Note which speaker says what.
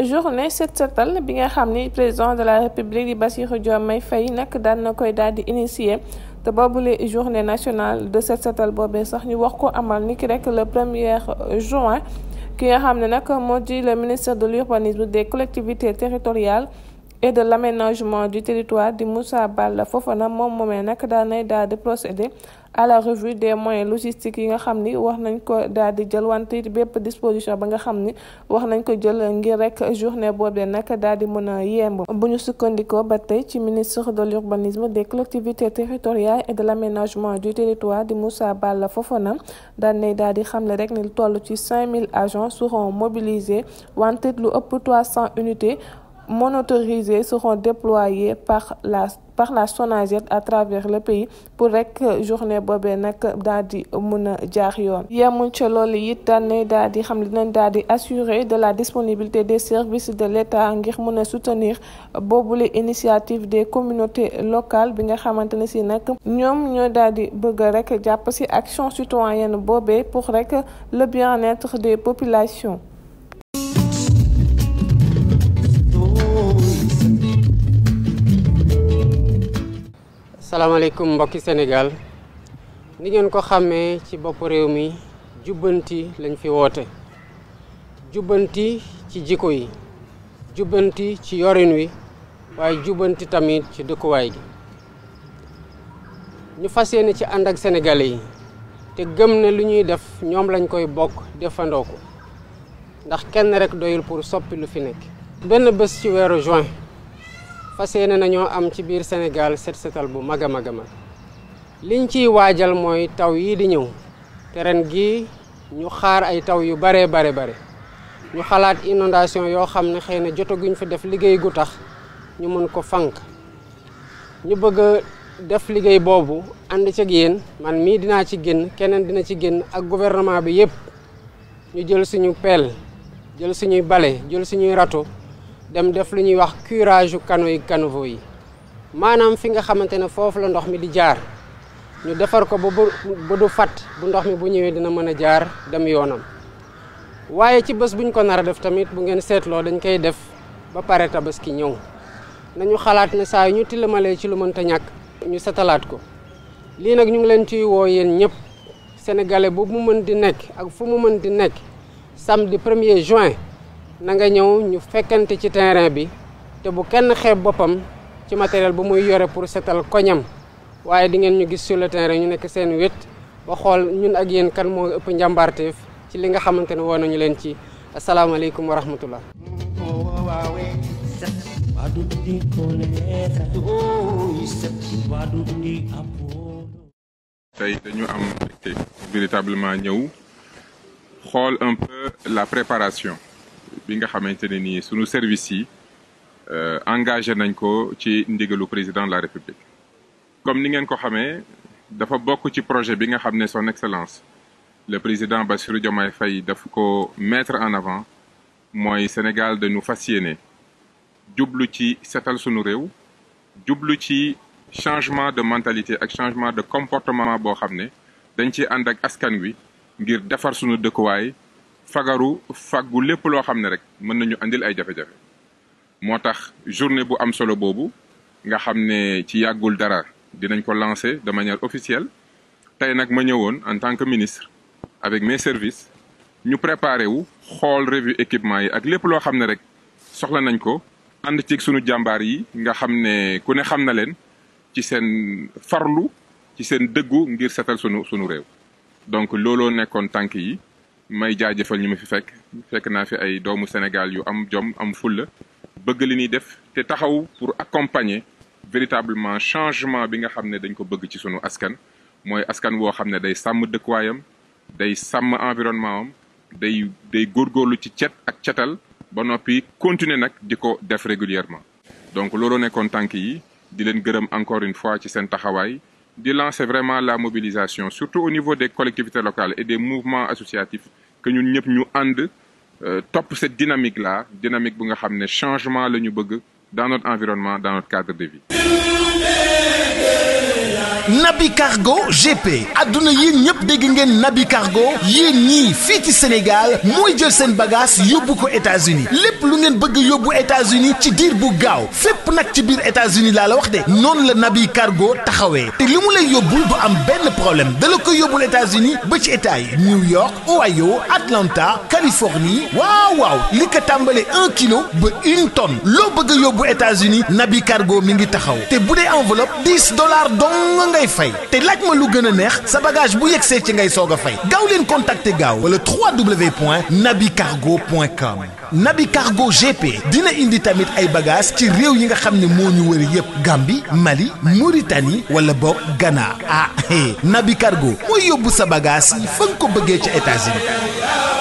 Speaker 1: journée set setal bi nga xam ni président de la république di Bassirou may Faye nag daan na koy daal di initier te boobule journée nationale de set setal boobee sax ñu wax ko amal ni ki rek le premier juin ki nga xam ne nag moo di le ministre de l'urbanisme des collectivités territoriales et de l'aménagement du territoire di Moussa Balla Fofana moom moomee nag daanay daal di procéder à la revue des moyens logistiques yi nga xam ni wax nañ ko daal di jël wante bépp disposition ba nga xam ni wax nañ ko jël ngir rek journée boobee naka daal di mën a yemb bu ñu sukkandikoo ba tey ci ministre de l'urbanisme des collectivités territoriales et de l'aménagement du territoire di Moussa Balla Fofana daan nay daal di xamle rek ni toll ci 5000 agents seront mobilisés wante lu ëpp 300 unités monotorisés seront déployés par la par la SONAGED à travers le pays pour rek journée boobee nag daal di mën a jaar yoon yemuñ ca lool it daanne daal di xam li nañ daal di assurer de la disponibilité des services de l'État ngir mën a soutenir boobule initiative des communautés locales bi nga xamante ne si nag ñoom ñoo daal di bëgg rek jàpp ci action citoyenne boobee pour rek le bien-être des populations
Speaker 2: salaamaaleykum mbokki Sénégal ni ngeen ko xàmmee ci bopp réew mi jubbanti lañ fi woote jubbanti ci jikko yi jubbanti ci yorin wi waaye jubbanti tamit ci dëkkuwaay gi ñu fas yéene ci ànd ak sénégalais yi te gëm ne lu ñuy def ñoom lañ koy bokk defandoo ko ndax kenn rekk doyul pour soppi lu fi nekk benn bés ci weeru juin fas ne nañoo am ci biir Sénégal set setal bu mag a mag a mag liñ ciy waajal mooy taw yii di ñëw te ren gi ñu xaar ay taw yu baree bare bare ñu xalaat inondation yoo xam ne xëy na jotaguñ fi def liggéey gu tax ñu mën ko fànq ñu bëgg a def liggéey boobu ànd ci ak yéen man mii dinaa ci génn keneen dina ci génn ak gouvernement bi yépp ñu jël suñu pel jël suñuy bale jël suñuy rato dem def lu ñuy wax curage canaux yi caniveau yi maanaam fi nga xamante ne foofu la ndox mi di jaar ñu defar ko ba ba du fat bu ndox mi bu ñëwee dina mën a jaar dem yoonam waaye ci bés buñ ko nar a def tamit bu ngeen seetloo dañ koy def ba pare ki ñëw nañu xalaat ne saa yu ñu tilamalee ci lu mënta ñàkk ñu setalaat ko lii nag ñu ngi leen ciy woo yéen ñëpp sénégalais bu mu mën di nekk ak fu mu mën di nekk samedi premier juin na nga ñëw ñu fekkante ci terrain bi te bu kenn xeeb boppam ci matériel bu muy yore pour setal koñam waaye di ngeen ñu gis sur le terrain ñu nekk seen wet ba xool ñun ak yéen kan moo ëpp njàmbaarteef ci li nga xamante ne woo nañu leen ci asalaamaaleykum wa rahmatullah
Speaker 3: tey dañu am ñëw xool préparation bi nga xamante ne nii sunu service yi euh, engagé nañ ko ci ndigalu président de la république. comme ni ngeen ko xamee dafa bokk ci projet bi nga xam ne son excellence le président Bassirou Diomaye fay daf ko mettre en avant mooy Sénégal dañu fas yéene jublu ci setal sunu réew jublu ci changement de mentalité ak changement de comportement boo xam ne dañ ci ànd ak askan wi ngir defar sunu dëkkuwaay. fagaru faggu lépp loo xam ne rek mën nañu andil ay jafe-jafe moo tax journée bu am solo boobu nga xam ne ci yàggul dara dinañ ko lancer de manière officielle tey nag ma ñëwoon en tant que ministre avec mes services ñu préparé wu xool revue équipement yi ak lépp loo xam ne rek soxla nañ ko ànd ci sunu jàmbaar yi nga xam ne ku ne xam na leen ci seen farlu ci seen dëggu ngir setal sunu réew donc looloo nekkoon tànk yi may jaajëfal ñu ma fi fekk fekk naa fi ay doomu Sénégal yu am jom am fulla bëgg li ñuy def te taxaw pour accompagner véritablement changement bi nga xam ne dañ ko bëgg ci sunu askan mooy askan woo xam ne day sàmm dëkkuwaayam day sàmm environnement am day day góorlu ci cet ak cetal ba noppi continuer nag di ko def régulièrement donc looloo nekkoon tànk yi di leen gërëm encore une fois ci seen taxawaay di lancer vraiment la mobilisation surtout au niveau des collectivités locales et des mouvements associatifs que ñun ñëpp ñu ànd euh, topp cette dynamique la dynamique bu nga xam ne changement la ñu bëgg dans notre environnement dans notre cadre de vie
Speaker 4: Nabi Cargo GP adduna yéen ñëpp dégg ngeen Nabi Cargo yéen ñii fii ci Sénégal mooy jël seen bagage yóbbu ko états lépp lu ngeen bëgg yóbbu États-Unis ci diir bu gaaw fépp nag ci biir États-Unis laa la wax de noonu la Nabi Cargo taxawee te li mu lay yóbbul du am benn problème da la ko yóbbul États-Unis ba ci état yi New York Ohio Atlanta Californie waaw waaw li ko tàmbalee un kilo ba une tonne loo bëgg a yóbbu états Nabi Cargo mi ngi taxaw te bu dee enveloppe ngay fay te laaj ma lu gën a neex sa bagage bu yegsee ci ngay soog a fay gaaw leen contacter gaaw wala www.nabicargo.com Nabicargo GP dina indi tamit ay bagage ci réew yi nga xam ne moo ñu wër yépp Gambie Mali Mauritanie wala boog Ghana ah eh, Nabicargo mooy yóbbu sa bagage yi fa ko bëggee ci États-Unis